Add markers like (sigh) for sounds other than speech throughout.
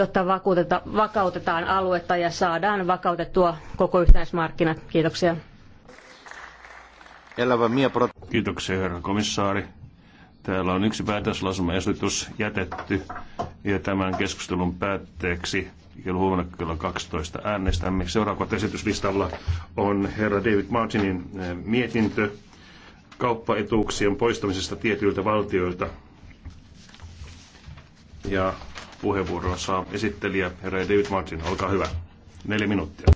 jotta vakautetaan aluetta ja saadaan vakautettua koko yhtenäismarkkinat. Kiitoksia. Kiitoksia, herra komissaari. Täällä on yksi päätöslausumaesitys jätetty ja tämän keskustelun päätteeksi kello huomenna kello 12 äänestämme. Seuraava esityslistalla on herra David Martinin eh, mietintö kauppaetuuksien poistamisesta tietyiltä valtioilta. Ja puheenvuoron saa esittelijä herra David Martin. Olkaa hyvä. Neljä minuuttia.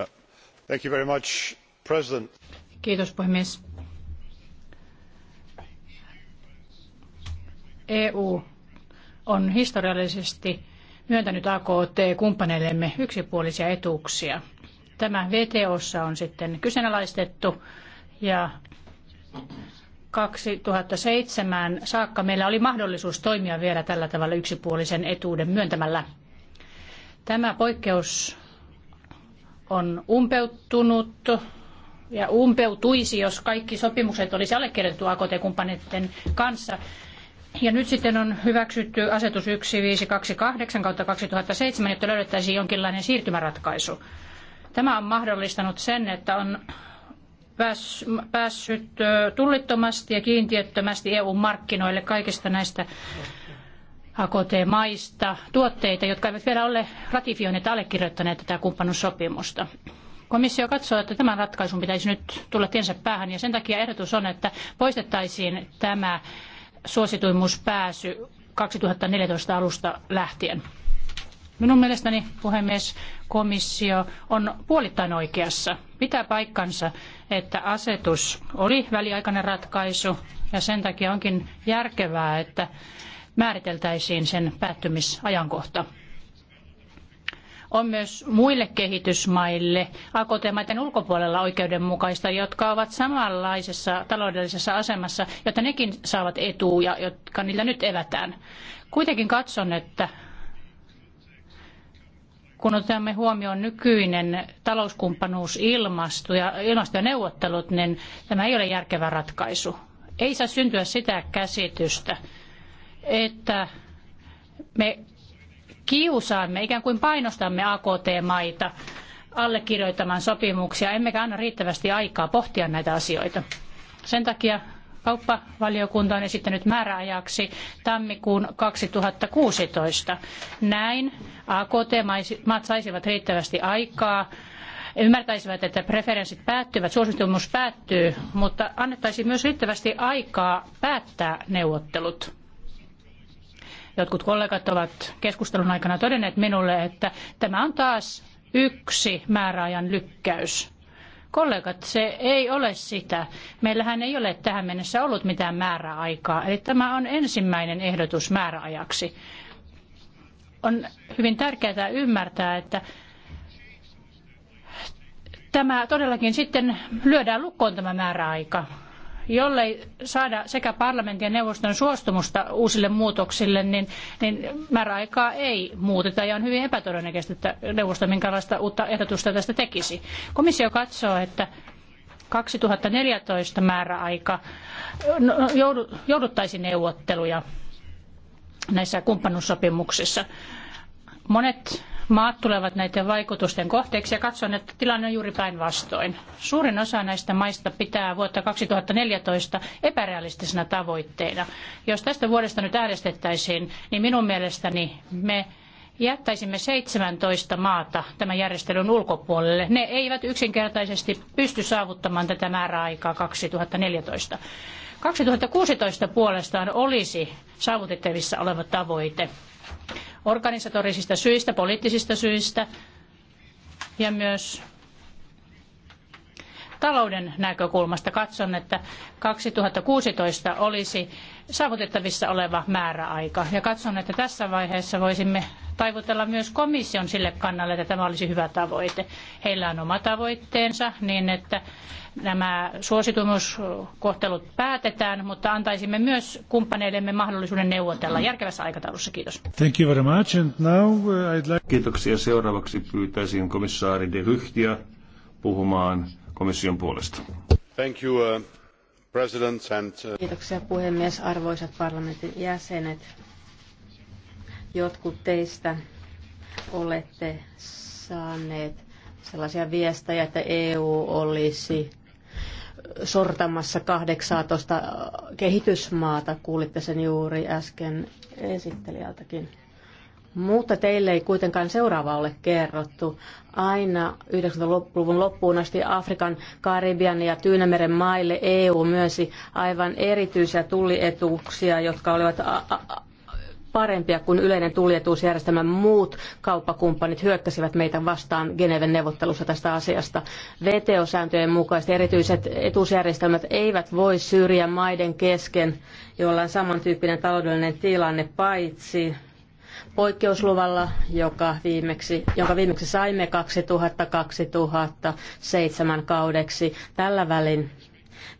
Uh, thank you very much, President. Kiitos puhemies. EU on historiallisesti myöntänyt AKT-kumppaneillemme yksipuolisia etuuksia – Tämä VTOssa on sitten kyseenalaistettu ja 2007 saakka meillä oli mahdollisuus toimia vielä tällä tavalla yksipuolisen etuuden myöntämällä. Tämä poikkeus on umpeutunut ja umpeutuisi, jos kaikki sopimukset olisi allekirjoitettu AKT-kumppaneiden kanssa. Ja nyt sitten on hyväksytty asetus 1528 2007, jotta löydettäisiin jonkinlainen siirtymäratkaisu. Tämä on mahdollistanut sen, että on päässyt tullittomasti ja kiintiöttömästi EU-markkinoille kaikista näistä AKT-maista tuotteita, jotka eivät vielä ole ratifioineet allekirjoittaneet tätä kumppanuussopimusta. Komissio katsoo, että tämän ratkaisun pitäisi nyt tulla tiensä päähän ja sen takia ehdotus on, että poistettaisiin tämä suosituimmuuspääsy 2014 alusta lähtien. Minun mielestäni, puhemies, komissio on puolittain oikeassa. Pitää paikkansa, että asetus oli väliaikainen ratkaisu ja sen takia onkin järkevää, että määriteltäisiin sen päättymisajankohta. On myös muille kehitysmaille AKT-maiden ulkopuolella oikeudenmukaista, jotka ovat samanlaisessa taloudellisessa asemassa, jotta nekin saavat etuja, jotka niillä nyt evätään. Kuitenkin katson, että kun otamme huomioon nykyinen talouskumppanuus ilmasto ja ilmastoneuvottelut, niin tämä ei ole järkevä ratkaisu. Ei saa syntyä sitä käsitystä, että me kiusaamme, ikään kuin painostamme AKT-maita allekirjoittamaan sopimuksia, emmekä anna riittävästi aikaa pohtia näitä asioita. Sen takia Kauppavaliokunta on esittänyt määräajaksi tammikuun 2016. Näin AKT-maat saisivat riittävästi aikaa ymmärtäisivät, että preferenssit päättyvät, suositumus päättyy, mutta annettaisiin myös riittävästi aikaa päättää neuvottelut. Jotkut kollegat ovat keskustelun aikana todenneet minulle, että tämä on taas yksi määräajan lykkäys kollegat, se ei ole sitä. Meillähän ei ole tähän mennessä ollut mitään määräaikaa, eli tämä on ensimmäinen ehdotus määräajaksi. On hyvin tärkeää ymmärtää, että tämä todellakin sitten lyödään lukkoon tämä määräaika jollei saada sekä parlamentin ja neuvoston suostumusta uusille muutoksille, niin, niin määräaikaa ei muuteta ja on hyvin epätodennäköistä, että neuvosto minkälaista uutta ehdotusta tästä tekisi. Komissio katsoo, että 2014 määräaika no, jouduttaisi neuvotteluja näissä kumppanuussopimuksissa. Monet maat tulevat näiden vaikutusten kohteeksi ja katson, että tilanne on juuri päinvastoin. Suurin osa näistä maista pitää vuotta 2014 epärealistisena tavoitteena. Jos tästä vuodesta nyt äänestettäisiin, niin minun mielestäni me jättäisimme 17 maata tämän järjestelyn ulkopuolelle. Ne eivät yksinkertaisesti pysty saavuttamaan tätä määräaikaa 2014. 2016 puolestaan olisi saavutettavissa oleva tavoite organisatorisista syistä, poliittisista syistä ja myös talouden näkökulmasta katson, että 2016 olisi saavutettavissa oleva määräaika. Ja katson, että tässä vaiheessa voisimme taivutella myös komission sille kannalle, että tämä olisi hyvä tavoite. Heillä on oma tavoitteensa niin, että nämä suositumuskohtelut päätetään, mutta antaisimme myös kumppaneillemme mahdollisuuden neuvotella järkevässä aikataulussa. Kiitos. Thank you very much. And now uh, I'd like... Kiitoksia. Seuraavaksi pyytäisin komissaari De Ryhtiä puhumaan komission puolesta. Uh, uh, Kiitoksia puhemies, arvoisat parlamentin jäsenet. Jotkut teistä olette saaneet sellaisia viestejä, että EU olisi sortamassa 18 kehitysmaata. Kuulitte sen juuri äsken esittelijältäkin. Mutta teille ei kuitenkaan seuraava ole kerrottu. Aina 90-luvun loppuun asti Afrikan, Karibian ja Tyynemeren maille EU myönsi aivan erityisiä tullietuuksia, jotka olivat parempia kuin yleinen tullietuusjärjestelmä. Muut kauppakumppanit hyökkäsivät meitä vastaan Geneven neuvottelussa tästä asiasta. VTO-sääntöjen mukaiset erityiset etuusjärjestelmät eivät voi syrjiä maiden kesken, joilla on samantyyppinen taloudellinen tilanne, paitsi poikkeusluvalla, joka viimeksi, jonka viimeksi saimme 2000-2007 kaudeksi. Tällä välin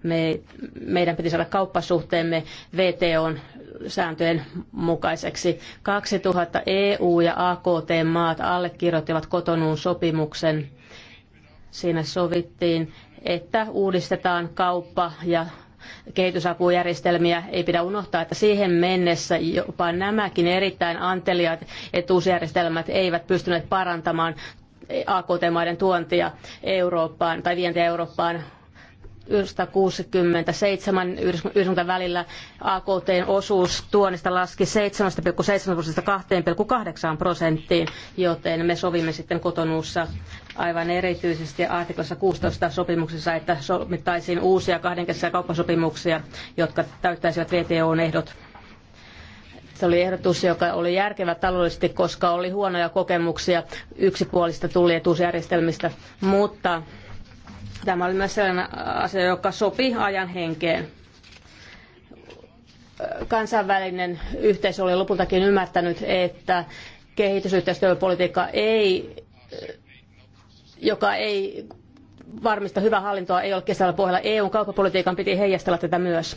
me, meidän piti saada kauppasuhteemme VTOn sääntöjen mukaiseksi. 2000 EU- ja AKT-maat allekirjoittivat kotonuun sopimuksen. Siinä sovittiin, että uudistetaan kauppa- ja kehitysapujärjestelmiä. Ei pidä unohtaa, että siihen mennessä jopa nämäkin erittäin anteliaat etuusjärjestelmät eivät pystyneet parantamaan AKT-maiden tuontia Eurooppaan tai vientiä Eurooppaan 1967-1990 välillä AKTn osuus tuonnista laski 7,7 prosentista 2,8 prosenttiin, joten me sovimme sitten kotonuussa aivan erityisesti artiklassa 16 sopimuksessa, että sovittaisiin uusia kahdenkeskisiä kauppasopimuksia, jotka täyttäisivät VTOn ehdot. Se oli ehdotus, joka oli järkevä taloudellisesti, koska oli huonoja kokemuksia yksipuolista tullietuusjärjestelmistä, mutta Tämä oli myös sellainen asia, joka sopi ajan henkeen. Kansainvälinen yhteisö oli lopultakin ymmärtänyt, että kehitysyhteistyöpolitiikka ei, joka ei varmista hyvää hallintoa, ei ole kestävällä pohjalla. EUn kauppapolitiikan piti heijastella tätä myös.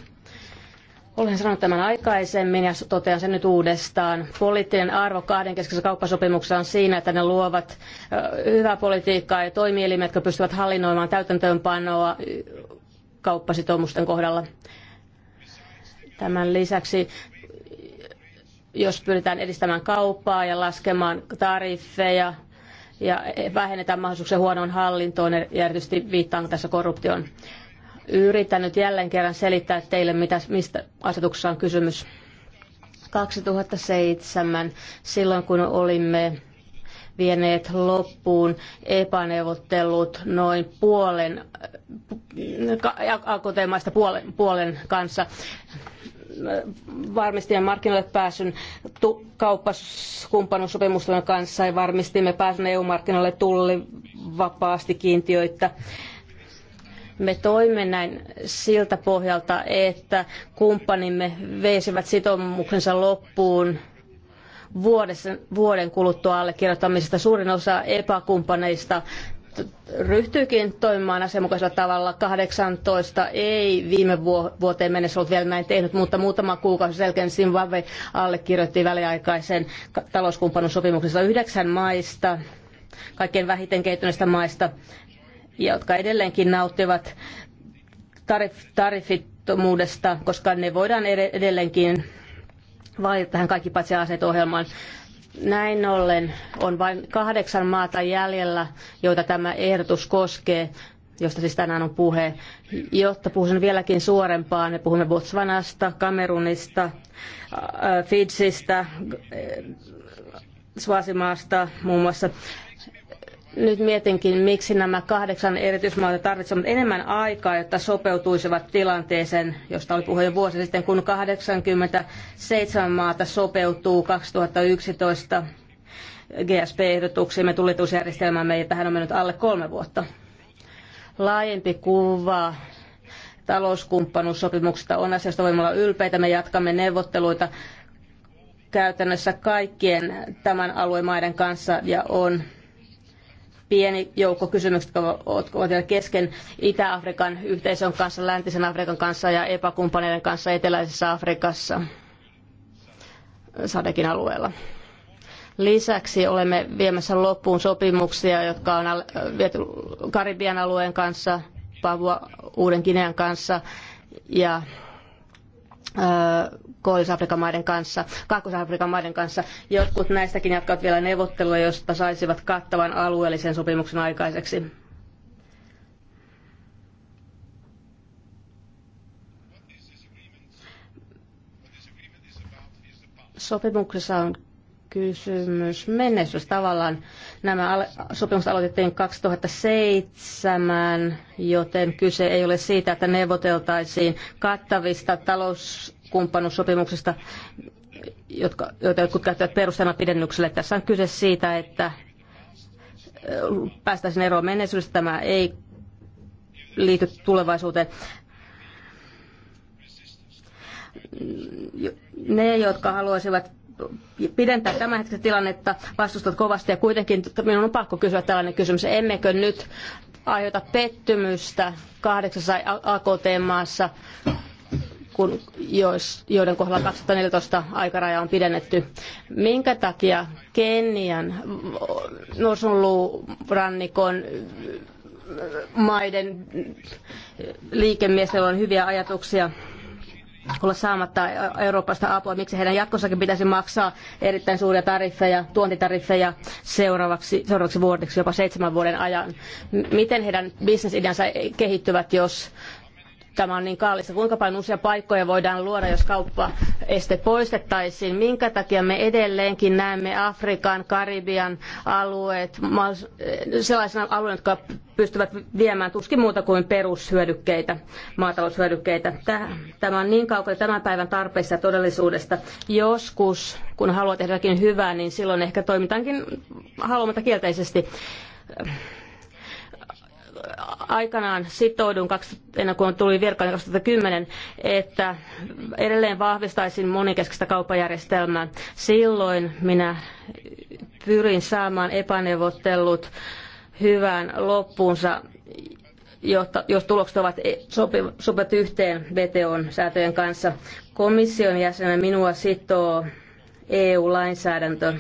Olen sanonut tämän aikaisemmin ja totean sen nyt uudestaan. Poliittinen arvo kahdenkeskisessä kauppasopimuksessa on siinä, että ne luovat hyvää politiikkaa ja toimielimet, jotka pystyvät hallinnoimaan täytäntöönpanoa kauppasitoumusten kohdalla. Tämän lisäksi jos pyritään edistämään kauppaa ja laskemaan tariffeja ja vähennetään mahdollisuuksia huonoon hallintoon ja erityisesti viittaan tässä korruptioon. Yritän nyt jälleen kerran selittää teille, mitä, mistä asetuksessa on kysymys. 2007, silloin kun olimme vieneet loppuun epäneuvottelut noin puolen, AKT-maista puolen, puolen kanssa varmistimme markkinoille pääsyn tu- kauppakumppanuussopimusten kanssa ja varmistimme pääsyn EU-markkinoille tulli vapaasti kiintiöitä me toimme näin siltä pohjalta, että kumppanimme veisivät sitoumuksensa loppuun vuodessa, vuoden kuluttua allekirjoittamisesta. Suurin osa epäkumppaneista ryhtyykin toimimaan asianmukaisella tavalla. 18 ei viime vuoteen mennessä ollut vielä näin tehnyt, mutta muutama kuukausi selkeän Zimbabwe allekirjoitti väliaikaisen talouskumppanuussopimuksensa yhdeksän maista, kaikkein vähiten kehittyneistä maista jotka edelleenkin nauttivat tarif- tarifittomuudesta, koska ne voidaan edelleenkin vaihtaa tähän kaikki paitsi aseet ohjelmaan. Näin ollen on vain kahdeksan maata jäljellä, joita tämä ehdotus koskee, josta siis tänään on puhe. Jotta puhun vieläkin suorempaan, me puhumme Botswanasta, Kamerunista, äh, Fidsistä, äh, Suosimaasta muun muassa. Nyt mietinkin, miksi nämä kahdeksan erityismaata tarvitsevat enemmän aikaa, jotta sopeutuisivat tilanteeseen, josta oli puhe jo vuosi sitten, kun 87 maata sopeutuu 2011 GSP-ehdotuksiimme tulitusjärjestelmämme, ja tähän on mennyt alle kolme vuotta. Laajempi kuva talouskumppanuussopimuksesta on asiasta voimme olla ylpeitä. Me jatkamme neuvotteluita käytännössä kaikkien tämän alueen maiden kanssa ja on pieni joukko kysymyksiä, jotka ovat vielä kesken Itä-Afrikan yhteisön kanssa, Läntisen Afrikan kanssa ja epäkumppaneiden kanssa Eteläisessä Afrikassa Sadekin alueella. Lisäksi olemme viemässä loppuun sopimuksia, jotka on viety Karibian alueen kanssa, Papua Uuden Kinean kanssa ja Koillis-Afrikan maiden kanssa, Kaakkois-Afrikan maiden kanssa. Jotkut näistäkin jatkavat vielä neuvottelua, josta saisivat kattavan alueellisen sopimuksen aikaiseksi. Sopimuksessa on kysymys Menestys Tavallaan nämä sopimukset aloitettiin 2007, joten kyse ei ole siitä, että neuvoteltaisiin kattavista talouskumppanuussopimuksista, jotka, joita jotkut käyttävät perusteena pidennykselle. Tässä on kyse siitä, että päästäisiin eroon menneisyydestä. Tämä ei liity tulevaisuuteen ne, jotka haluaisivat pidentää hetken tilannetta, vastustat kovasti ja kuitenkin minun on pakko kysyä tällainen kysymys. Emmekö nyt aiheuta pettymystä kahdeksassa AKT-maassa, kun jos, joiden kohdalla 2014 aikaraja on pidennetty. Minkä takia Kenian norsunluurannikon maiden liikemiesillä on hyviä ajatuksia olla saamatta Euroopasta apua, miksi heidän jatkossakin pitäisi maksaa erittäin suuria tariffeja, tuontitariffeja seuraavaksi, seuraavaksi vuodeksi, jopa seitsemän vuoden ajan. Miten heidän bisnesideansa kehittyvät, jos tämä on niin kallista? Kuinka paljon uusia paikkoja voidaan luoda, jos kauppa este poistettaisiin. Minkä takia me edelleenkin näemme Afrikan, Karibian alueet sellaisena alueena, jotka pystyvät viemään tuskin muuta kuin perushyödykkeitä, maataloushyödykkeitä. Tämä on niin kaukana tämän päivän tarpeista ja todellisuudesta. Joskus, kun haluaa tehdä jotakin hyvää, niin silloin ehkä toimitaankin haluamatta kielteisesti aikanaan sitouduin, ennen kuin tuli virkaan 2010, että edelleen vahvistaisin monikeskistä kauppajärjestelmää. Silloin minä pyrin saamaan epäneuvottelut hyvään loppuunsa, jotta, jos tulokset ovat sopivat yhteen VTOn säätöjen kanssa. Komission jäsenen minua sitoo EU-lainsäädäntö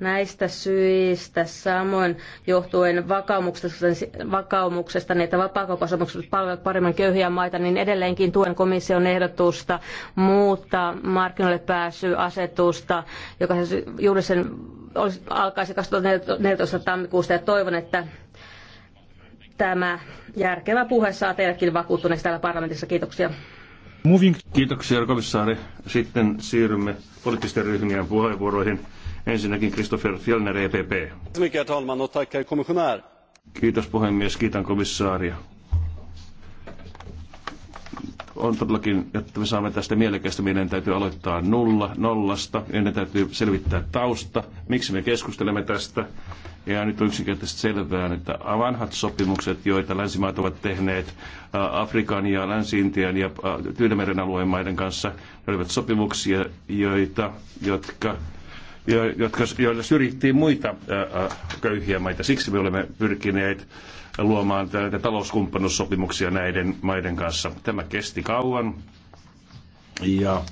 Näistä syistä samoin johtuen vakaumuksesta, vakaumuksesta niin että vapaakaupasopimukset palvelevat paremmin köyhiä maita, niin edelleenkin tuen komission ehdotusta muuttaa markkinoille pääsyasetusta, joka juuri sen olisi, alkaisi 2014 tammikuusta ja toivon, että tämä järkevä puhe saa teillekin vakuuttuneeksi täällä parlamentissa. Kiitoksia. Moving. Kiitoksia, komissaari. Sitten siirrymme poliittisten ryhmien puheenvuoroihin. Ensinnäkin Christopher Fjellner, EPP. Kiitos puhemies, kiitän komissaaria. On todellakin, että me saamme tästä mielekästä, meidän täytyy aloittaa nolla nollasta. Meidän täytyy selvittää tausta, miksi me keskustelemme tästä. Ja nyt on yksinkertaisesti selvää, että vanhat sopimukset, joita länsimaat ovat tehneet äh, Afrikan ja Länsi-Intian ja äh, Tyynemeren alueen maiden kanssa, ne olivat sopimuksia, joita, jotka jotka, joilla syrjittiin muita köyhiä maita. Siksi me olemme pyrkineet luomaan näitä talouskumppanuussopimuksia näiden maiden kanssa. Tämä kesti kauan ja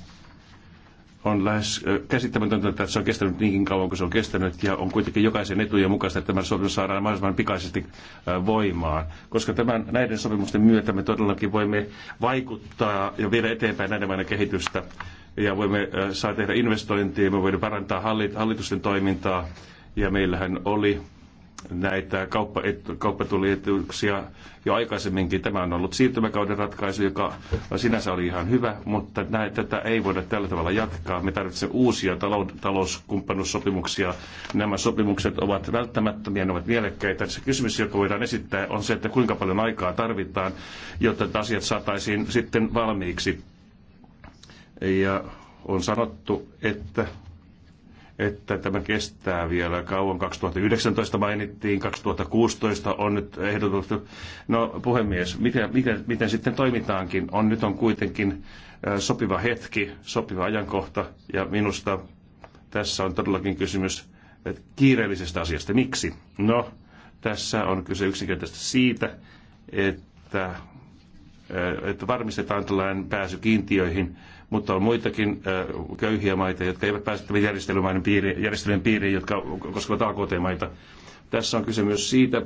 on lähes käsittämätöntä, että se on kestänyt niinkin kauan kuin se on kestänyt ja on kuitenkin jokaisen etujen mukaista, että tämä sopimus saadaan mahdollisimman pikaisesti voimaan. Koska tämän, näiden sopimusten myötä me todellakin voimme vaikuttaa ja viedä eteenpäin näiden maiden kehitystä ja voimme äh, saa tehdä investointia, me voimme parantaa hallitusten toimintaa ja meillähän oli näitä kauppatulietuksia jo aikaisemminkin. Tämä on ollut siirtymäkauden ratkaisu, joka sinänsä oli ihan hyvä, mutta näin, tätä ei voida tällä tavalla jatkaa. Me tarvitsemme uusia talouskumppanuussopimuksia. Nämä sopimukset ovat välttämättömiä, ne ovat mielekkäitä. Se kysymys, joka voidaan esittää, on se, että kuinka paljon aikaa tarvitaan, jotta asiat saataisiin sitten valmiiksi. Ja on sanottu, että, että tämä kestää vielä kauan. 2019 mainittiin, 2016 on nyt ehdotettu. No puhemies, miten miten miten sitten toimitaankin? On nyt on kuitenkin äh, sopiva hetki, sopiva ajankohta ja minusta tässä on todellakin kysymys että äh, kiireellisestä asiasta. Miksi? No, tässä on kyse yksinkertaisesti siitä, että, äh, että varmistetaan tällainen pääsy kiintiöihin mutta on muitakin köyhiä maita, jotka eivät pääse tämän järjestelmän piiriin, järjestelmän piiriin, jotka koskevat AKT-maita. Tässä on kyse myös siitä,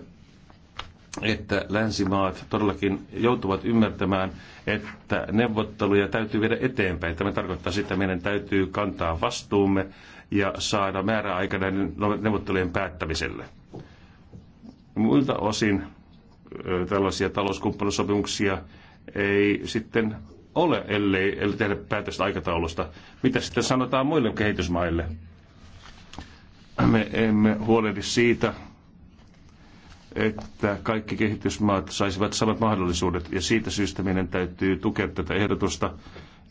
että länsimaat todellakin joutuvat ymmärtämään, että neuvotteluja täytyy viedä eteenpäin. Tämä tarkoittaa sitä, että meidän täytyy kantaa vastuumme ja saada näiden neuvottelujen päättämiselle. Muilta osin tällaisia talouskumppanuussopimuksia ei sitten ole, ellei, ellei tehdä päätöstä aikataulusta. Mitä sitten sanotaan muille kehitysmaille? Me emme huolehdi siitä, että kaikki kehitysmaat saisivat samat mahdollisuudet, ja siitä syystä meidän täytyy tukea tätä ehdotusta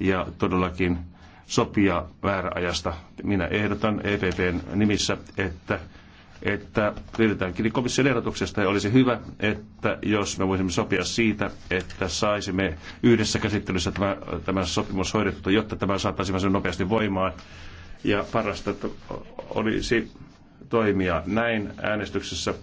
ja todellakin sopia määräajasta. Minä ehdotan EPPn nimissä, että että liitetään komission ehdotuksesta ja olisi hyvä, että jos me voisimme sopia siitä, että saisimme yhdessä käsittelyssä tämä, tämä sopimus hoidettua, jotta tämä saataisiin sen nopeasti voimaan. Ja parasta olisi toimia näin äänestyksessä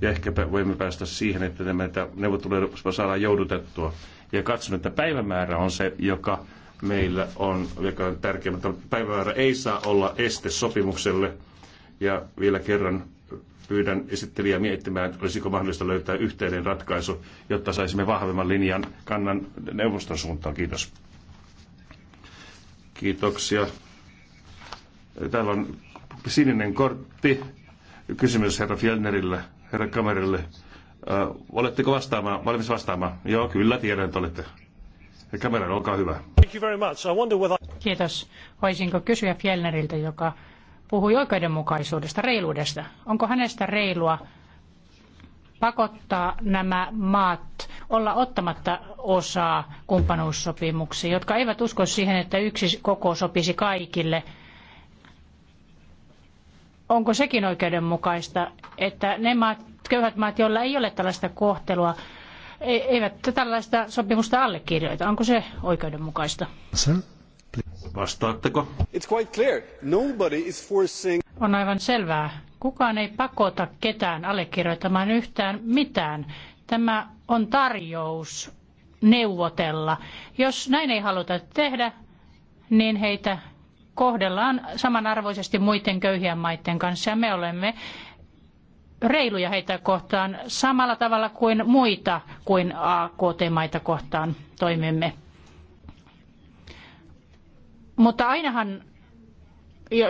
ja ehkäpä voimme päästä siihen, että näitä neuvotteluja saadaan joudutettua. Ja katson, että päivämäärä on se, joka meillä on, joka on tärkeä, mutta päivämäärä ei saa olla este sopimukselle – ja vielä kerran pyydän esittelijä miettimään, olisiko mahdollista löytää yhteinen ratkaisu, jotta saisimme vahvemman linjan kannan neuvoston suuntaan. Kiitos. Kiitoksia. Täällä on sininen kortti. Kysymys herra Fjellnerille, herra Kamerille. Ö, oletteko vastaamaan, valmis vastaamaan? Joo, kyllä tiedän, että olette. Herra olkaa hyvä. Kiitos. Voisinko kysyä Fjellneriltä, joka puhui oikeudenmukaisuudesta, reiluudesta. Onko hänestä reilua pakottaa nämä maat olla ottamatta osaa kumppanuussopimuksiin, jotka eivät usko siihen, että yksi koko sopisi kaikille? Onko sekin oikeudenmukaista, että ne maat, köyhät maat, joilla ei ole tällaista kohtelua, e- eivät tällaista sopimusta allekirjoita? Onko se oikeudenmukaista? Vastaatteko? It's quite clear. Nobody is forcing... On aivan selvää. Kukaan ei pakota ketään allekirjoittamaan yhtään mitään. Tämä on tarjous neuvotella. Jos näin ei haluta tehdä, niin heitä kohdellaan samanarvoisesti muiden köyhien maiden kanssa ja me olemme reiluja heitä kohtaan samalla tavalla kuin muita kuin AKT-maita kohtaan toimimme. Mutta ainahan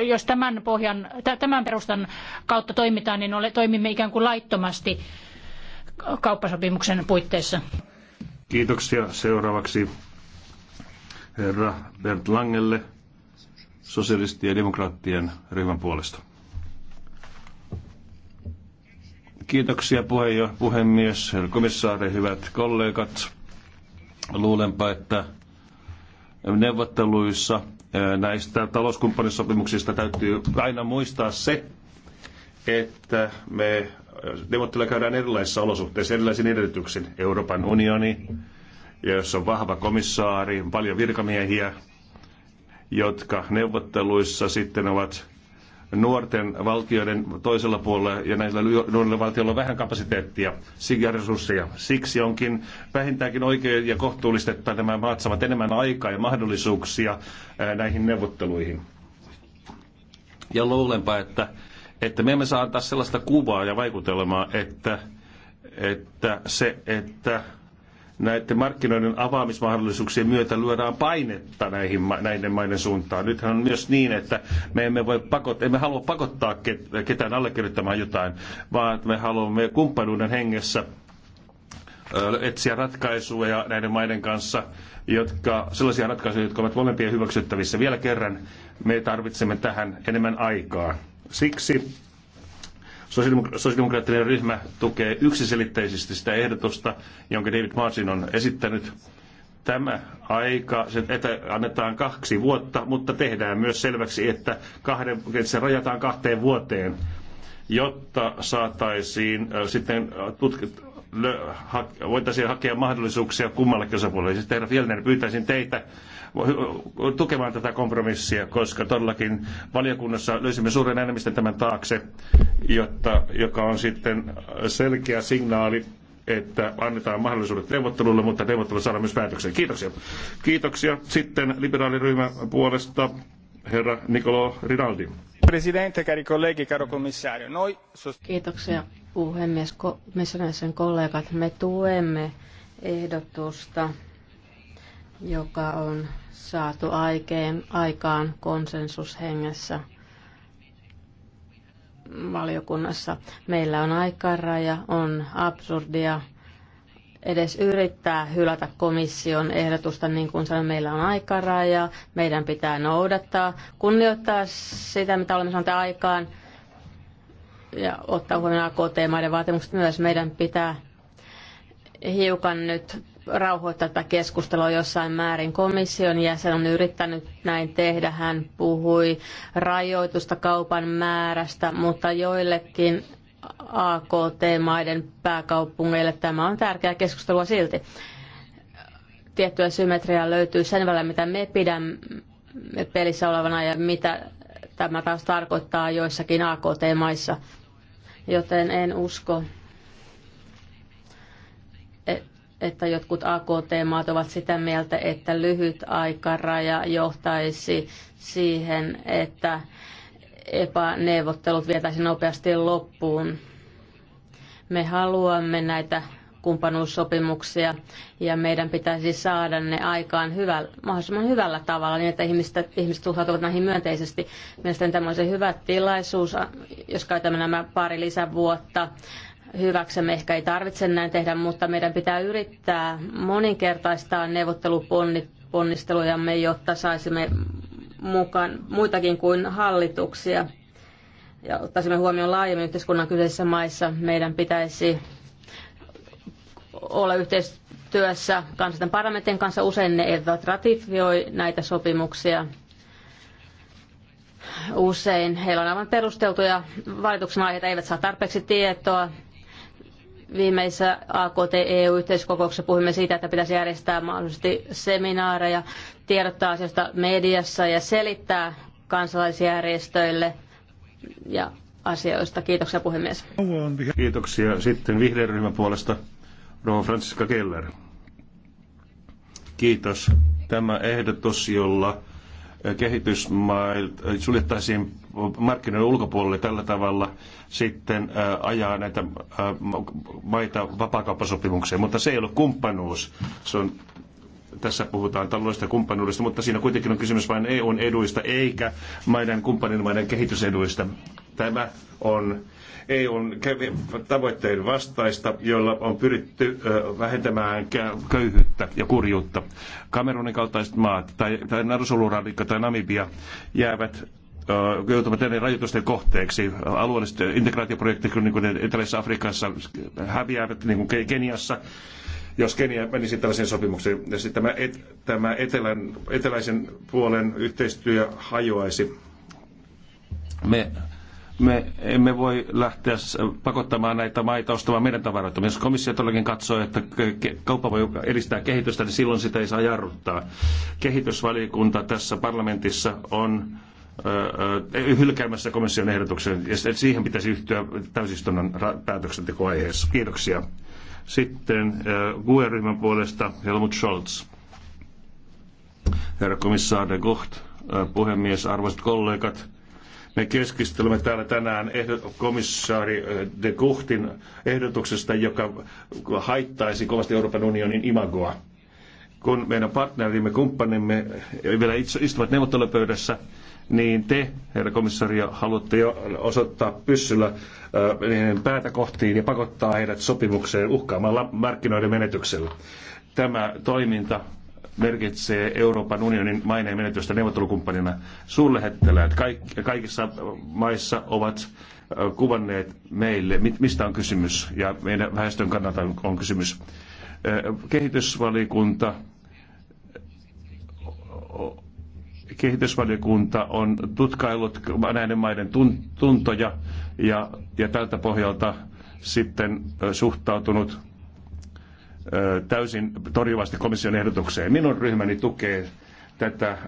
jos tämän, pohjan, tämän perustan kautta toimitaan, niin ole, toimimme ikään kuin laittomasti kauppasopimuksen puitteissa. Kiitoksia. Seuraavaksi herra Bernd Langelle sosialistien ja demokraattien ryhmän puolesta. Kiitoksia puhemies, herra komissaari, hyvät kollegat. Luulenpa, että neuvotteluissa näistä talouskumppanisopimuksista täytyy aina muistaa se, että me neuvotteluja käydään erilaisissa olosuhteissa, erilaisin edellytyksin. Euroopan unioni, jossa on vahva komissaari, paljon virkamiehiä, jotka neuvotteluissa sitten ovat nuorten valtioiden toisella puolella ja näillä nuorilla valtioilla on vähän kapasiteettia ja resursseja. Siksi onkin vähintäänkin oikein ja kohtuullista, että nämä maat saavat enemmän aikaa ja mahdollisuuksia näihin neuvotteluihin. Ja luulenpa, että, että me emme saa antaa sellaista kuvaa ja vaikutelmaa, että, että se, että näiden markkinoiden avaamismahdollisuuksien myötä luodaan painetta näihin, näiden maiden suuntaan. Nythän on myös niin, että me emme, voi pakot, emme halua pakottaa ketään allekirjoittamaan jotain, vaan me haluamme kumppanuuden hengessä etsiä ratkaisuja näiden maiden kanssa, jotka, sellaisia ratkaisuja, jotka ovat molempien hyväksyttävissä. Vielä kerran me tarvitsemme tähän enemmän aikaa. Siksi Sosialidemokraattinen ryhmä tukee yksiselitteisesti sitä ehdotusta, jonka David Martin on esittänyt. Tämä aika, että annetaan kaksi vuotta, mutta tehdään myös selväksi, että, kahden, että se rajataan kahteen vuoteen, jotta saataisiin sitten tutkittua ha, voitaisiin hakea mahdollisuuksia kummallekin osapuolelle. Siis herra Fjellner, pyytäisin teitä tukemaan tätä kompromissia, koska todellakin valiokunnassa löysimme suuren enemmistön tämän taakse, jotta, joka on sitten selkeä signaali että annetaan mahdollisuudet neuvottelulle, mutta neuvottelu saadaan myös päätökseen. Kiitoksia. Kiitoksia. Sitten liberaaliryhmän puolesta herra Nicolo Rinaldi. Presidente, cari colleghi, caro commissario, noi... Kiitoksia puhemies, kollegat. Me tuemme ehdotusta, joka on saatu aikeen, aikaan konsensushengessä valiokunnassa. Meillä on aikaraja, on absurdia edes yrittää hylätä komission ehdotusta, niin kuin sanoin, meillä on aikaraja, meidän pitää noudattaa, kunnioittaa sitä, mitä olemme saaneet aikaan, ja ottaa huomioon AKT-maiden vaatimukset myös. Meidän pitää hiukan nyt rauhoittaa tätä keskustelua jossain määrin. Komission jäsen on yrittänyt näin tehdä. Hän puhui rajoitusta kaupan määrästä, mutta joillekin AKT-maiden pääkaupungeille. Tämä on tärkeää keskustelua silti. Tiettyä symmetriaa löytyy sen välillä, mitä me pidämme pelissä olevana ja mitä tämä taas tarkoittaa joissakin AKT-maissa. Joten en usko, e- että jotkut AKT-maat ovat sitä mieltä, että lyhyt aikaraja johtaisi siihen, että epäneuvottelut vietäisiin nopeasti loppuun. Me haluamme näitä kumppanuussopimuksia ja meidän pitäisi saada ne aikaan hyvällä, mahdollisimman hyvällä tavalla niin, että ihmiset, ihmiset suhtautuvat näihin myönteisesti. Mielestäni tämä on se hyvä tilaisuus, jos käytämme nämä pari lisävuotta hyväksemme. Ehkä ei tarvitse näin tehdä, mutta meidän pitää yrittää moninkertaistaa neuvotteluponnistelujamme, jotta saisimme mukaan muitakin kuin hallituksia ja ottaisimme huomioon laajemmin yhteiskunnan kyseisissä maissa, meidän pitäisi olla yhteistyössä kansallisten parlamentin kanssa. Usein ne eivät ratifioi näitä sopimuksia. Usein heillä on aivan perusteltuja valituksen aiheita, eivät saa tarpeeksi tietoa. Viimeisessä AKT-EU-yhteiskokouksessa puhuimme siitä, että pitäisi järjestää mahdollisesti seminaareja, tiedottaa asioista mediassa ja selittää kansalaisjärjestöille – ja asioista. Kiitoksia puhemies. Kiitoksia. Sitten vihreän ryhmän puolesta Rova Francisca Keller. Kiitos. Tämä ehdotus, jolla kehitysmailta suljettaisiin markkinoiden ulkopuolelle tällä tavalla sitten äh, ajaa näitä äh, maita vapaakauppasopimukseen, mutta se ei ole kumppanuus, se on tässä puhutaan taloudellisesta kumppanuudesta, mutta siinä kuitenkin on kysymys vain EUn eduista eikä maiden kumppanimaiden kehityseduista. Tämä on EUn tavoitteiden vastaista, joilla on pyritty vähentämään köyhyyttä ja kurjuutta. Kamerunin kaltaiset maat tai, tai Narsoluradikka tai Namibia jäävät joutuvat näiden rajoitusten kohteeksi. Alueelliset integraatioprojektit, niin kuin Eteläisessä Afrikassa, häviävät niin kuin Keniassa jos Kenia menisi tällaisen sopimukseen. Ja niin sitten tämä, et, tämä etelän, eteläisen puolen yhteistyö hajoaisi. Me me emme voi lähteä pakottamaan näitä maita ostamaan meidän tavaroita. Jos komissio todellakin katsoo, että kauppa voi edistää kehitystä, niin silloin sitä ei saa jarruttaa. Kehitysvaliokunta tässä parlamentissa on hylkäämässä komission ehdotuksen, ja siihen pitäisi yhtyä täysistunnon päätöksentekoaiheessa. Kiitoksia. Sitten äh, GUE-ryhmän puolesta Helmut Scholz. Herra komissaari de Gucht, äh, puhemies, arvoisat kollegat, me keskustelemme täällä tänään komissaari äh, de Guchtin ehdotuksesta, joka haittaisi kovasti Euroopan unionin imagoa. Kun meidän partnerimme, kumppanimme vielä istuvat neuvottelupöydässä, niin te, herra komissari, haluatte jo osoittaa pyssyllä niiden päätä kohtiin ja pakottaa heidät sopimukseen uhkaamalla markkinoiden menetyksellä. Tämä toiminta merkitsee Euroopan unionin maineen menetystä neuvottelukumppanina. Suurlähettiläät kaikissa maissa ovat kuvanneet meille, mistä on kysymys ja meidän väestön kannalta on kysymys. Kehitysvalikunta kehitysvaliokunta on tutkailut näiden maiden tuntoja ja, ja tältä pohjalta sitten suhtautunut täysin torjuvasti komission ehdotukseen. Minun ryhmäni tukee tätä,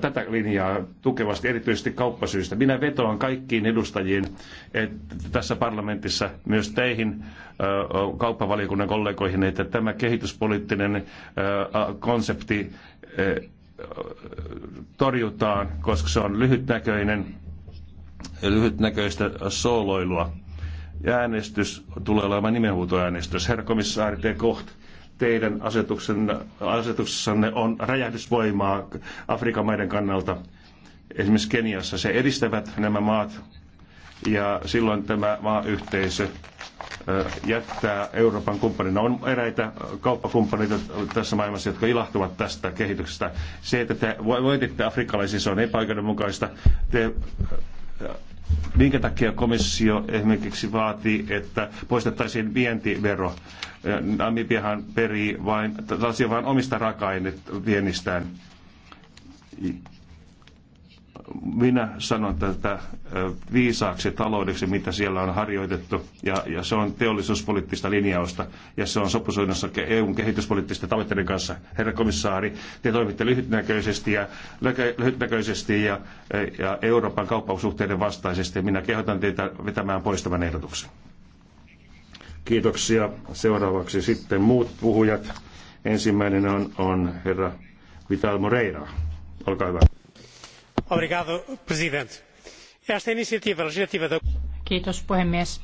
tätä linjaa tukevasti, erityisesti kauppasyistä. Minä vetoan kaikkiin edustajiin että tässä parlamentissa, myös teihin kauppavaliokunnan kollegoihin, että tämä kehityspoliittinen konsepti torjutaan, koska se on lyhytnäköinen, lyhytnäköistä sooloilua. Ja äänestys tulee olemaan nimenhuutoäänestys. Herra komissaari, te kohta teidän asetuksessanne on räjähdysvoimaa Afrikan maiden kannalta. Esimerkiksi Keniassa se edistävät nämä maat ja silloin tämä maayhteisö jättää Euroopan kumppanina. On eräitä kauppakumppaneita tässä maailmassa, jotka ilahtuvat tästä kehityksestä. Se, että te voititte afrikkalaisia, se on epäoikeudenmukaista. Te, minkä takia komissio esimerkiksi vaatii, että poistettaisiin vientivero? Namibiahan perii vain, tällaisia vain omista raaka-aineet viennistään minä sanon tätä viisaaksi taloudeksi, mitä siellä on harjoitettu, ja, ja se on teollisuuspoliittista linjausta, ja se on sopusoinnossa EUn kehityspoliittisten tavoitteiden kanssa. Herra komissaari, te toimitte lyhytnäköisesti ja, lyhytnäköisesti ja, ja Euroopan kauppasuhteiden vastaisesti. Minä kehotan teitä vetämään pois tämän ehdotuksen. Kiitoksia. Seuraavaksi sitten muut puhujat. Ensimmäinen on, on herra Vital Moreira. Olkaa hyvä. Kiitos puhemies.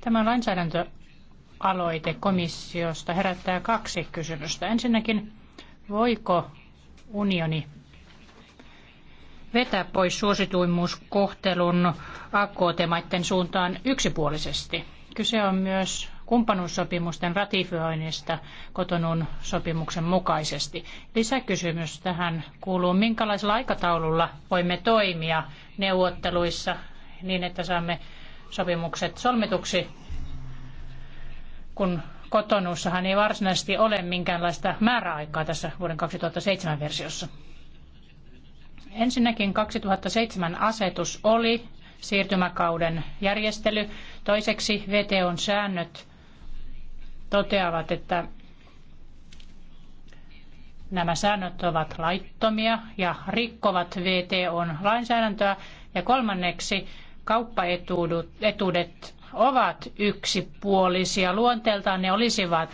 Tämä lainsäädäntöaloite komissiosta herättää kaksi kysymystä. Ensinnäkin, voiko unioni vetää pois suosituimmuuskohtelun AKT-maiden suuntaan yksipuolisesti? Kyse on myös kumppanuussopimusten ratifioinnista kotonun sopimuksen mukaisesti. Lisäkysymys tähän kuuluu, minkälaisella aikataululla voimme toimia neuvotteluissa niin, että saamme sopimukset solmituksi, kun kotonuussahan ei varsinaisesti ole minkäänlaista määräaikaa tässä vuoden 2007 versiossa. Ensinnäkin 2007 asetus oli siirtymäkauden järjestely. Toiseksi VTOn säännöt toteavat, että nämä säännöt ovat laittomia ja rikkovat VTOn lainsäädäntöä. Ja kolmanneksi kauppaetuudet ovat yksipuolisia luonteeltaan. Ne olisivat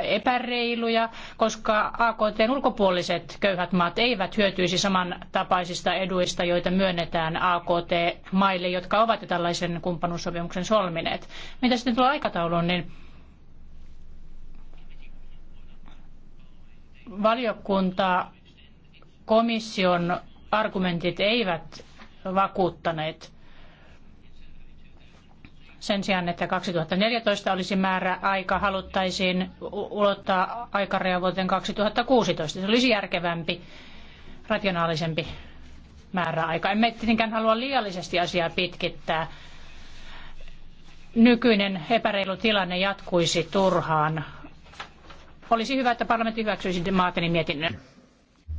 epäreiluja, koska AKTn ulkopuoliset köyhät maat eivät hyötyisi samantapaisista eduista, joita myönnetään AKT-maille, jotka ovat jo tällaisen kumppanuussopimuksen solmineet. Mitä sitten tulee aikatauluun, niin valiokunta komission argumentit eivät vakuuttaneet. Sen sijaan, että 2014 olisi määrä aika, haluttaisiin ulottaa aikaraja vuoteen 2016. Se olisi järkevämpi, rationaalisempi määräaika. Emme tietenkään halua liiallisesti asiaa pitkittää. Nykyinen epäreilu tilanne jatkuisi turhaan. Olisi hyvä, että parlamentti hyväksyisi Maatenin mietinnön.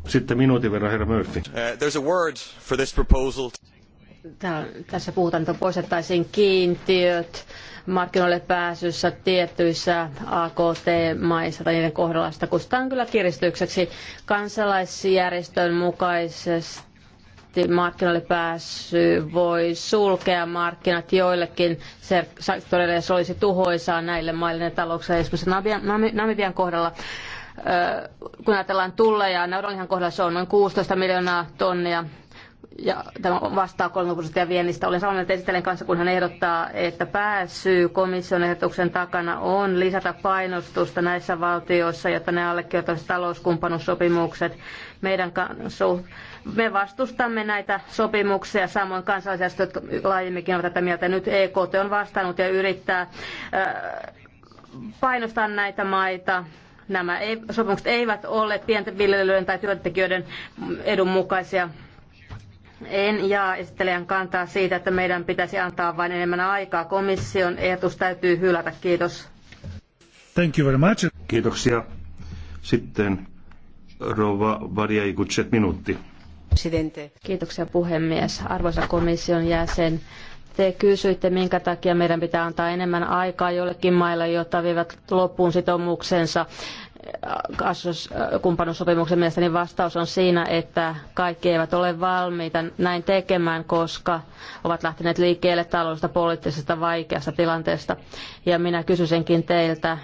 Sitten minuutin verran, herra Murphy. Uh, there's a word for this proposal. tässä puhutaan, että poistettaisiin kiintiöt markkinoille pääsyssä tiettyissä AKT-maissa tai niiden kohdalla. Sitä kustantaa kyllä kiristykseksi kansalaisjärjestön mukaisesti markkinoille pääsy voi sulkea markkinat joillekin sektoreille ja se olisi tuhoisaa näille maille ja talouksille. Esimerkiksi Namibian kohdalla kun ajatellaan tulleja, naudanlihan kohdalla se on noin 16 miljoonaa tonnia ja tämä vastaa 3 prosenttia viennistä. Olen samaa mieltä esittelen kanssa, kun hän ehdottaa, että pääsyy komission ehdotuksen takana on lisätä painostusta näissä valtioissa, jotta ne allekirjoittaisivat talouskumppanuussopimukset meidän kanssa me vastustamme näitä sopimuksia, samoin kansalaisjärjestöt laajemminkin ovat tätä mieltä. Nyt EKT on vastannut ja yrittää painostaa näitä maita nämä ei, sopimukset eivät ole pienten viljelijöiden tai työntekijöiden edun mukaisia. En jaa esittelijän kantaa siitä, että meidän pitäisi antaa vain enemmän aikaa. Komission ehdotus täytyy hylätä. Kiitos. Thank you very much. Kiitoksia. Sitten Rova Varjai Kutset minuutti. Presidente. Kiitoksia puhemies. Arvoisa komission jäsen, te kysyitte, minkä takia meidän pitää antaa enemmän aikaa joillekin maille, jotta vievät loppuun sitoumuksensa kumppanuussopimuksen mielestäni vastaus on siinä, että kaikki eivät ole valmiita näin tekemään, koska ovat lähteneet liikkeelle taloudellisesta poliittisesta vaikeasta tilanteesta. Ja minä kysyisinkin teiltä,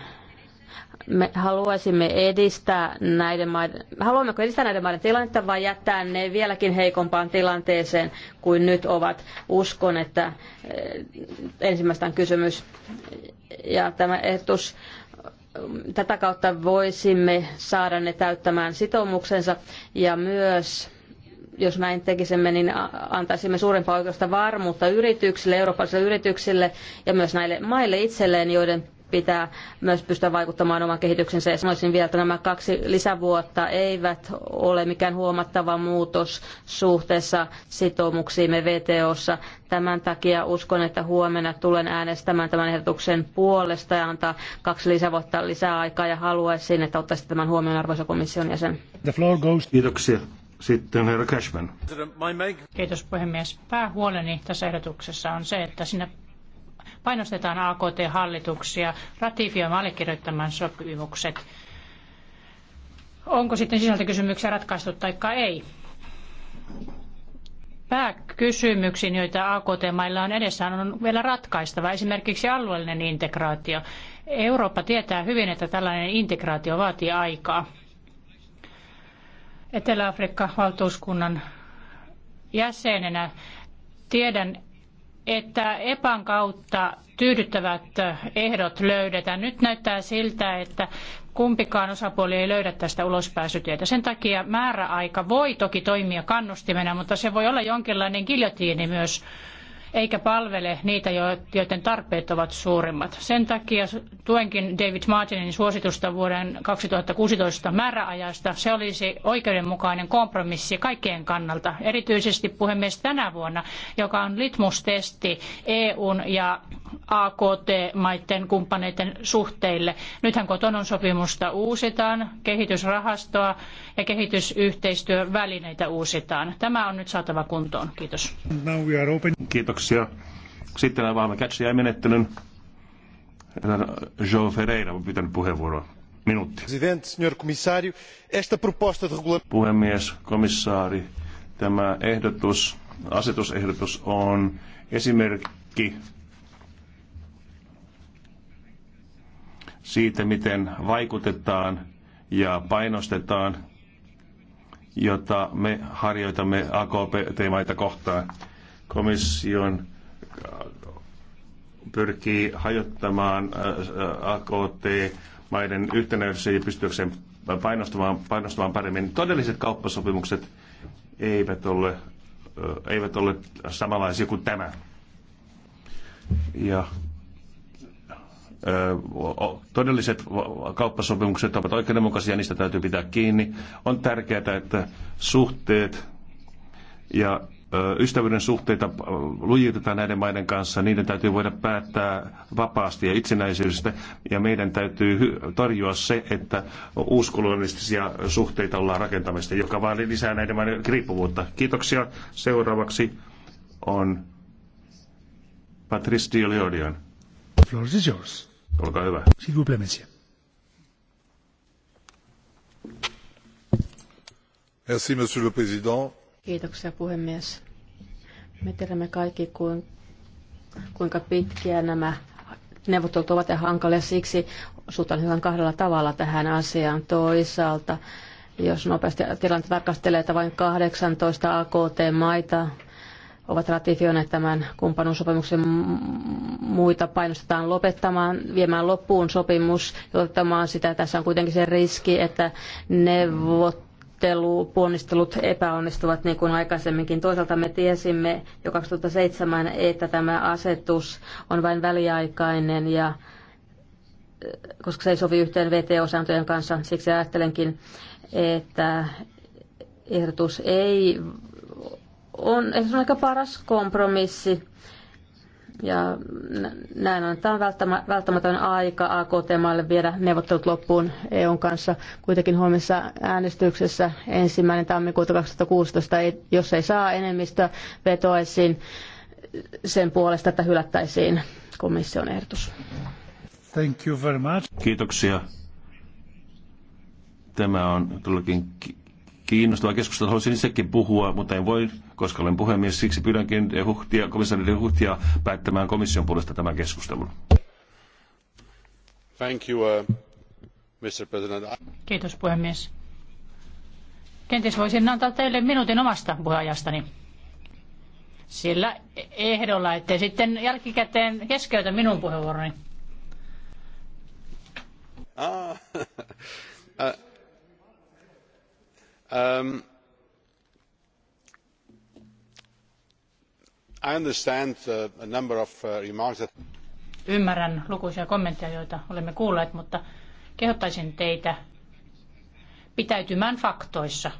me haluaisimme edistää näiden maiden, haluammeko edistää näiden maiden tilannetta vai jättää ne vieläkin heikompaan tilanteeseen kuin nyt ovat. Uskon, että eh, ensimmäistä on kysymys ja tämä ehdotus tätä kautta voisimme saada ne täyttämään sitoumuksensa ja myös jos näin tekisimme, niin antaisimme suurempaa oikeusta varmuutta yrityksille, eurooppalaisille yrityksille ja myös näille maille itselleen, joiden pitää myös pystyä vaikuttamaan oman kehityksensä. Ja sanoisin vielä, että nämä kaksi lisävuotta eivät ole mikään huomattava muutos suhteessa sitoumuksiimme VTOssa. Tämän takia uskon, että huomenna tulen äänestämään tämän ehdotuksen puolesta ja antaa kaksi lisävuotta lisää aikaa ja haluaisin, että ottaisitte tämän huomioon arvoisa komission jäsen. The floor goes. Kiitoksia. Sitten herra Cashman. Kiitos puhemies. Päähuoleni tässä ehdotuksessa on se, että sinne painostetaan AKT-hallituksia ratifioimaan allekirjoittamaan sopimukset. Onko sitten sisältökysymyksiä ratkaistu tai ei? pääkysymyksiin, joita AKT-mailla on edessään, on vielä ratkaistava. Esimerkiksi alueellinen integraatio. Eurooppa tietää hyvin, että tällainen integraatio vaatii aikaa. Etelä-Afrikka valtuuskunnan jäsenenä tiedän, että EPAN kautta tyydyttävät ehdot löydetään. Nyt näyttää siltä, että kumpikaan osapuoli ei löydä tästä ulospääsytietä. Sen takia määräaika voi toki toimia kannustimena, mutta se voi olla jonkinlainen giljotiini myös eikä palvele niitä, joiden tarpeet ovat suurimmat. Sen takia tuenkin David Martinin suositusta vuoden 2016 määräajasta. Se olisi oikeudenmukainen kompromissi kaikkien kannalta, erityisesti puhemies tänä vuonna, joka on litmustesti EUn ja AKT-maiden kumppaneiden suhteille. Nythän kotonon sopimusta uusitaan, kehitysrahastoa ja kehitysyhteistyövälineitä uusitaan. Tämä on nyt saatava kuntoon. Kiitos. Kiitoksia. Kiitoksia. Sitten avaamme catch menettelyn. João Ferreira on pitänyt puheenvuoroa. Minuutti. Puhemies, komissaari, tämä ehdotus, asetusehdotus on esimerkki siitä, miten vaikutetaan ja painostetaan, jota me harjoitamme AKP-teemaita kohtaan komission pyrkii hajottamaan äh, äh, AKT-maiden yhtenäisyyden ja pystyäkseen painostamaan, painostamaan paremmin. Todelliset kauppasopimukset eivät ole, äh, eivät ole samanlaisia kuin tämä. Ja todelliset kauppasopimukset ovat oikeudenmukaisia, niistä täytyy pitää kiinni. On tärkeää, että suhteet ja ystävyyden suhteita lujitetaan näiden maiden kanssa, niiden täytyy voida päättää vapaasti ja itsenäisyydestä, ja meidän täytyy torjua se, että uuskolonialistisia suhteita ollaan rakentamista, joka vain lisää näiden maiden riippuvuutta. Kiitoksia. Seuraavaksi on Patrice Dioliodion. Floor is yours. Olkaa hyvä. Merci, monsieur le président Kiitoksia puhemies. Me tiedämme kaikki, kuinka pitkiä nämä neuvottelut ovat ja hankalia. Siksi suhtaan hyvän kahdella tavalla tähän asiaan. Toisaalta, jos nopeasti tilanne tarkastelee, että vain 18 AKT-maita ovat ratifioineet tämän kumppanuussopimuksen muita painostetaan lopettamaan, viemään loppuun sopimus ottamaan sitä. Tässä on kuitenkin se riski, että neuvottelut neuvottelu, ponnistelut epäonnistuvat niin kuin aikaisemminkin. Toisaalta me tiesimme jo 2007, että tämä asetus on vain väliaikainen ja koska se ei sovi yhteen VTO-sääntöjen kanssa, siksi ajattelenkin, että ehdotus ei on, se on aika paras kompromissi ja näin on. Tämä on välttämätön aika AKT-maille viedä neuvottelut loppuun EUn kanssa. Kuitenkin huomissa äänestyksessä ensimmäinen tammikuuta 2016, ei, jos ei saa enemmistö vetoisiin sen puolesta, että hylättäisiin komission ehdotus. Thank you very much. Kiitoksia. Tämä on todellakin kiinnostava keskustelu. Haluaisin itsekin puhua, mutta en voi, koska olen puhemies. Siksi pyydänkin huhtia, komissaari Huhtia päättämään komission puolesta tämän keskustelun. Thank you, uh, Mr. President. Kiitos puhemies. Kenties voisin antaa teille minuutin omasta puheajastani. Sillä ehdolla, ettei sitten jälkikäteen keskeytä minun puheenvuoroni. Ah, (laughs) uh, Um, I understand uh, a number of uh, remarks that... Ymmärrän lukuisia kommentteja, joita olemme kuulleet, mutta kehottaisin teitä pitäytymään faktoissa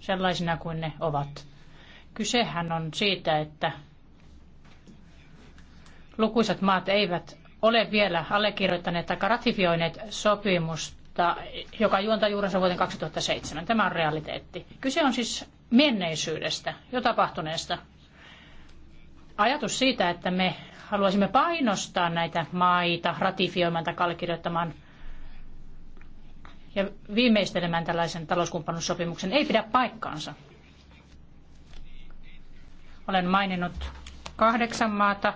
sellaisina kuin ne ovat. Kysehän on siitä, että lukuisat maat eivät ole vielä allekirjoittaneet tai ratifioineet sopimusta mutta joka juontaa juurensa vuoden 2007. Tämä on realiteetti. Kyse on siis menneisyydestä, jo tapahtuneesta. Ajatus siitä, että me haluaisimme painostaa näitä maita ratifioimaan tai kallekirjoittamaan ja viimeistelemään tällaisen talouskumppanuussopimuksen ei pidä paikkaansa. Olen maininnut kahdeksan maata,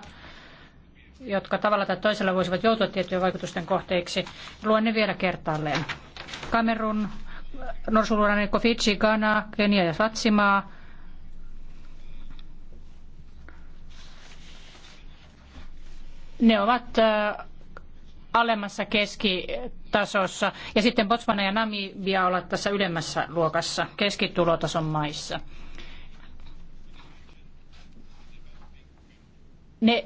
jotka tavalla tai toisella voisivat joutua tiettyjen vaikutusten kohteiksi. Luen ne vielä kertaalleen. Kamerun, Norsulurannikko, Kofitsi, Ghana, Kenia ja Satsimaa, ne ovat äh, alemmassa keskitasossa ja sitten Botswana ja Namibia ovat tässä ylemmässä luokassa keskitulotason maissa. Ne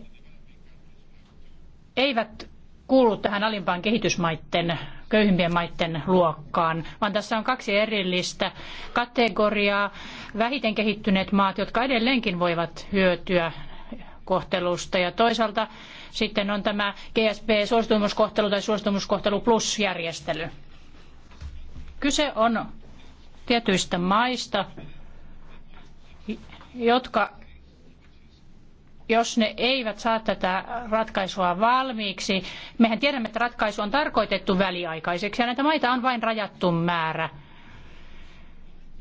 eivät kuulu tähän alimpaan kehitysmaiden, köyhimpien maiden luokkaan, vaan tässä on kaksi erillistä kategoriaa. Vähiten kehittyneet maat, jotka edelleenkin voivat hyötyä kohtelusta ja toisaalta sitten on tämä GSP-suostumuskohtelu tai suostumuskohtelu plus-järjestely. Kyse on tietyistä maista, jotka jos ne eivät saa tätä ratkaisua valmiiksi, mehän tiedämme, että ratkaisu on tarkoitettu väliaikaiseksi ja näitä maita on vain rajattu määrä.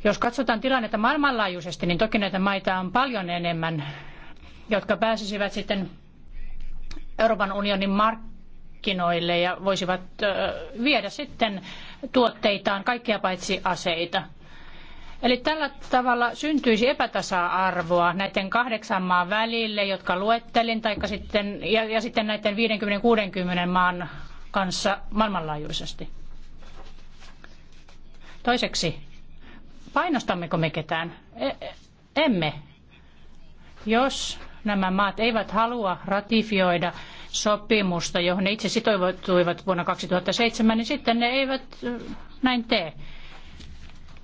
Jos katsotaan tilannetta maailmanlaajuisesti, niin toki näitä maita on paljon enemmän, jotka pääsisivät sitten Euroopan unionin markkinoille ja voisivat viedä sitten tuotteitaan kaikkia paitsi aseita. Eli tällä tavalla syntyisi epätasa-arvoa näiden kahdeksan maan välille, jotka luettelin, taikka sitten, ja, ja sitten näiden 50-60 maan kanssa maailmanlaajuisesti. Toiseksi, painostammeko me ketään? E- emme. Jos nämä maat eivät halua ratifioida sopimusta, johon ne itse sitoutuivat vuonna 2007, niin sitten ne eivät näin tee.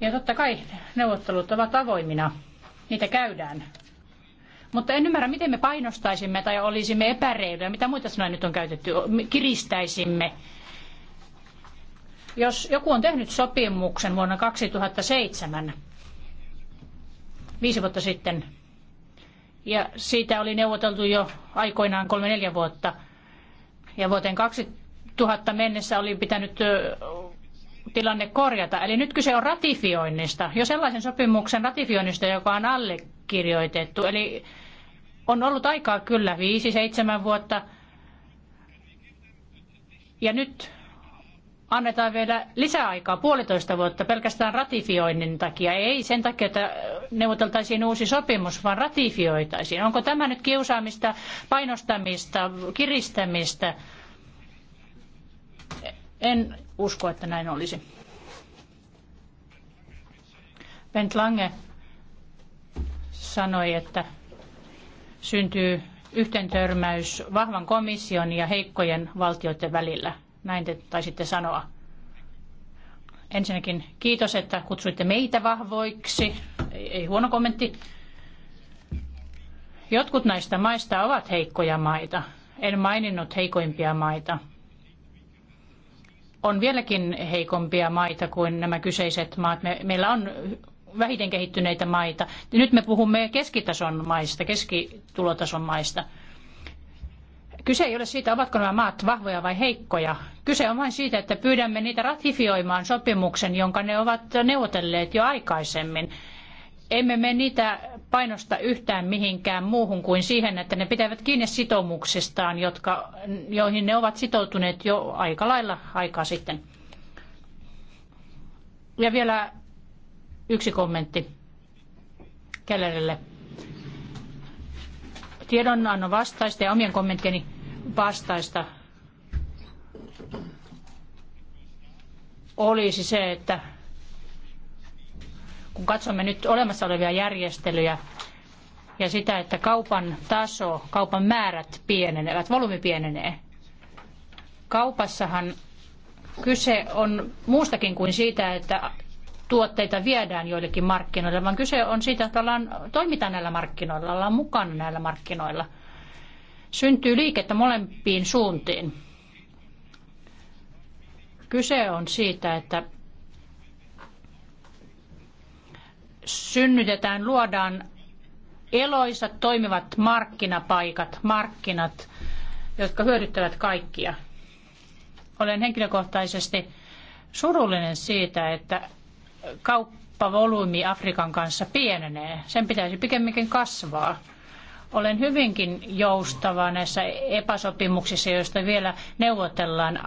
Ja totta kai neuvottelut ovat avoimina. Niitä käydään. Mutta en ymmärrä, miten me painostaisimme tai olisimme epäreiluja. Mitä muita sanoja nyt on käytetty? Kiristäisimme. Jos joku on tehnyt sopimuksen vuonna 2007, viisi vuotta sitten, ja siitä oli neuvoteltu jo aikoinaan kolme neljä vuotta, ja vuoteen 2000 mennessä oli pitänyt tilanne korjata. Eli nyt kyse on ratifioinnista, jo sellaisen sopimuksen ratifioinnista, joka on allekirjoitettu. Eli on ollut aikaa kyllä viisi, seitsemän vuotta. Ja nyt annetaan vielä lisäaikaa puolitoista vuotta pelkästään ratifioinnin takia. Ei sen takia, että neuvoteltaisiin uusi sopimus, vaan ratifioitaisiin. Onko tämä nyt kiusaamista, painostamista, kiristämistä? En usko, että näin olisi. Bent Lange sanoi, että syntyy yhteentörmäys vahvan komission ja heikkojen valtioiden välillä. Näin te taisitte sanoa. Ensinnäkin kiitos, että kutsuitte meitä vahvoiksi. Ei huono kommentti. Jotkut näistä maista ovat heikkoja maita. En maininnut heikoimpia maita on vieläkin heikompia maita kuin nämä kyseiset maat. Me, meillä on vähiten kehittyneitä maita. Nyt me puhumme keskitason maista, keskitulotason maista. Kyse ei ole siitä, ovatko nämä maat vahvoja vai heikkoja. Kyse on vain siitä, että pyydämme niitä ratifioimaan sopimuksen, jonka ne ovat neuvotelleet jo aikaisemmin. Emme me niitä painosta yhtään mihinkään muuhun kuin siihen, että ne pitävät kiinni sitoumuksistaan, jotka, joihin ne ovat sitoutuneet jo aika lailla aikaa sitten. Ja vielä yksi kommentti Kellerille. Tiedonannon vastaista ja omien kommenttieni vastaista olisi se, että kun katsomme nyt olemassa olevia järjestelyjä ja sitä, että kaupan taso, kaupan määrät pienenevät, volyymi pienenee. Kaupassahan kyse on muustakin kuin siitä, että tuotteita viedään joillekin markkinoille, vaan kyse on siitä, että ollaan, toimitaan näillä markkinoilla, ollaan mukana näillä markkinoilla. Syntyy liikettä molempiin suuntiin. Kyse on siitä, että synnytetään, luodaan eloisat toimivat markkinapaikat, markkinat, jotka hyödyttävät kaikkia. Olen henkilökohtaisesti surullinen siitä, että kauppavolyymi Afrikan kanssa pienenee. Sen pitäisi pikemminkin kasvaa. Olen hyvinkin joustava näissä epäsopimuksissa, joista vielä neuvotellaan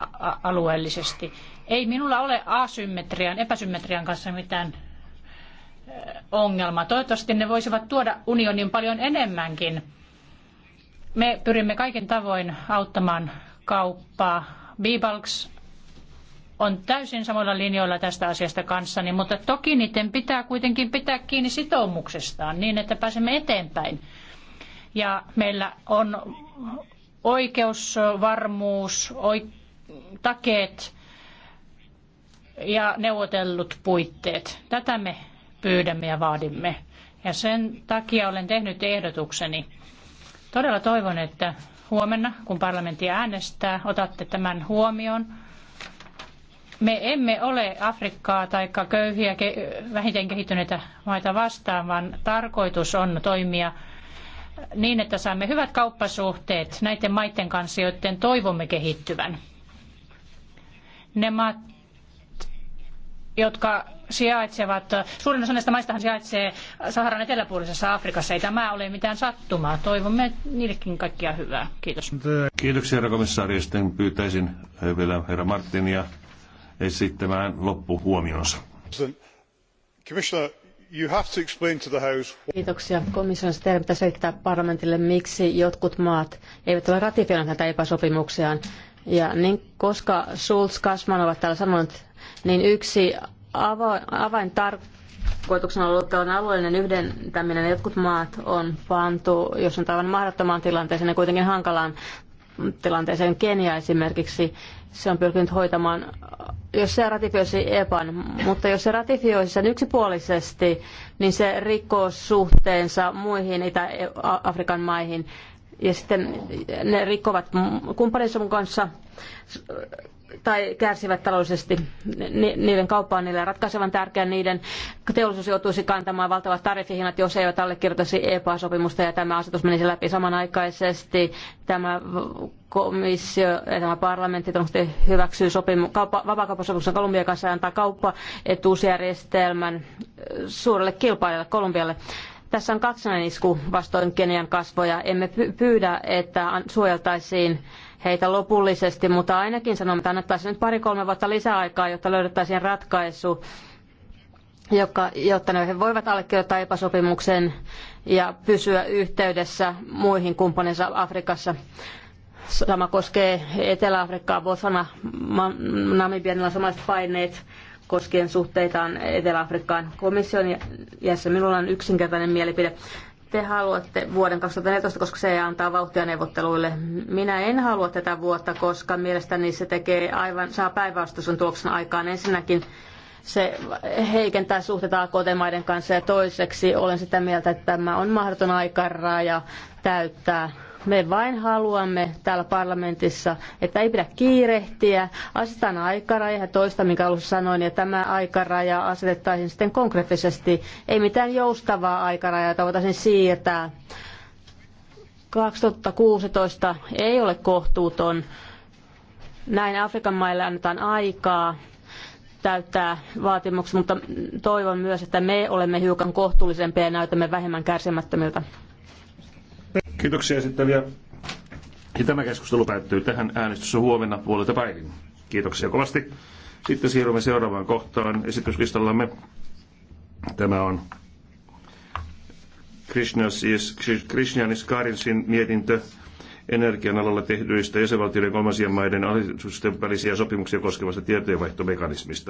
alueellisesti. Ei minulla ole asymmetrian, epäsymmetrian kanssa mitään ongelma. Toivottavasti ne voisivat tuoda unionin paljon enemmänkin. Me pyrimme kaiken tavoin auttamaan kauppaa. Bibalks on täysin samoilla linjoilla tästä asiasta kanssani, mutta toki niiden pitää kuitenkin pitää kiinni sitoumuksestaan niin, että pääsemme eteenpäin. Ja meillä on oikeusvarmuus, takeet ja neuvotellut puitteet. Tätä me pyydämme ja vaadimme. Ja sen takia olen tehnyt ehdotukseni. Todella toivon, että huomenna, kun parlamentti äänestää, otatte tämän huomioon. Me emme ole Afrikkaa tai köyhiä, vähiten kehittyneitä maita vastaan, vaan tarkoitus on toimia niin, että saamme hyvät kauppasuhteet näiden maiden kanssa, joiden toivomme kehittyvän. Ne maat, jotka sijaitsevat, suurin osa näistä maistahan sijaitsee Saharan eteläpuolisessa Afrikassa. Ei tämä ole mitään sattumaa. Toivomme niillekin kaikkia hyvää. Kiitos. Kiitoksia, herra komissaari. Sitten pyytäisin eh, vielä herra Martinia esittämään loppuhuomionsa. Kiitoksia. Komission teidän pitäisi selittää parlamentille, miksi jotkut maat eivät ole ratifioineet näitä epäsopimuksiaan. Ja niin, koska Schulz Kasman ovat täällä sanoneet, niin yksi avaintarkoituksena on ollut tällainen alueellinen yhdentäminen. Jotkut maat on pantu, jos on aivan mahdottomaan tilanteeseen, ja niin kuitenkin hankalaan tilanteeseen. Kenia esimerkiksi, se on pyrkinyt hoitamaan, jos se ratifioisi EPAN, mutta jos se ratifioisi sen yksipuolisesti, niin se rikkoo suhteensa muihin Itä-Afrikan maihin. Ja sitten ne rikkovat kumppaninsa kanssa tai kärsivät taloudellisesti. Niiden kauppa on niille ratkaisevan tärkeä. Niiden teollisuus joutuisi kantamaan valtavat tariffihinnat, jos eivät allekirjoitaisi EPA-sopimusta ja tämä asetus menisi läpi samanaikaisesti. Tämä komissio ja tämä parlamentti hyväksyy vapaakauppasopimuksen Kolumbian kanssa ja antaa kauppaetuusjärjestelmän eh, suurelle kilpailijalle Kolumbialle. Tässä on kaksinaisku isku vastoin Kenian kasvoja. Emme pyydä, että suojeltaisiin heitä lopullisesti, mutta ainakin sanomme, että annettaisiin nyt pari-kolme vuotta lisäaikaa, jotta löydettäisiin ratkaisu, joka, jotta ne voivat allekirjoittaa epäsopimuksen ja pysyä yhteydessä muihin kumppaneissa Afrikassa. Sama koskee Etelä-Afrikkaa, Botswana, Namibian ja samat paineet koskien suhteitaan Etelä-Afrikkaan komission jäsen. Minulla on yksinkertainen mielipide te haluatte vuoden 2014, koska se antaa vauhtia neuvotteluille. Minä en halua tätä vuotta, koska mielestäni se tekee aivan, saa päinvastaisen tuoksen aikaan. Ensinnäkin se heikentää suhteita AKT-maiden kanssa ja toiseksi olen sitä mieltä, että tämä on mahdoton aikaraja täyttää me vain haluamme täällä parlamentissa, että ei pidä kiirehtiä, asetetaan aikaraja ja toista, minkä alussa sanoin, ja tämä aikaraja asetettaisiin sitten konkreettisesti. Ei mitään joustavaa aikarajaa, jota voitaisiin siirtää. 2016 ei ole kohtuuton. Näin Afrikan maille annetaan aikaa täyttää vaatimukset, mutta toivon myös, että me olemme hiukan kohtuullisempia ja näytämme vähemmän kärsimättömiltä. Kiitoksia esittelijä. Ja tämä keskustelu päättyy tähän äänestyssä huomenna puolelta päivin. Kiitoksia kovasti. Sitten siirrymme seuraavaan kohtaan esityslistallamme. Tämä on Krishnanis Karinsin mietintö energian alalla tehdyistä jäsenvaltioiden kolmansien maiden alitusten välisiä sopimuksia koskevasta tietojenvaihtomekanismista.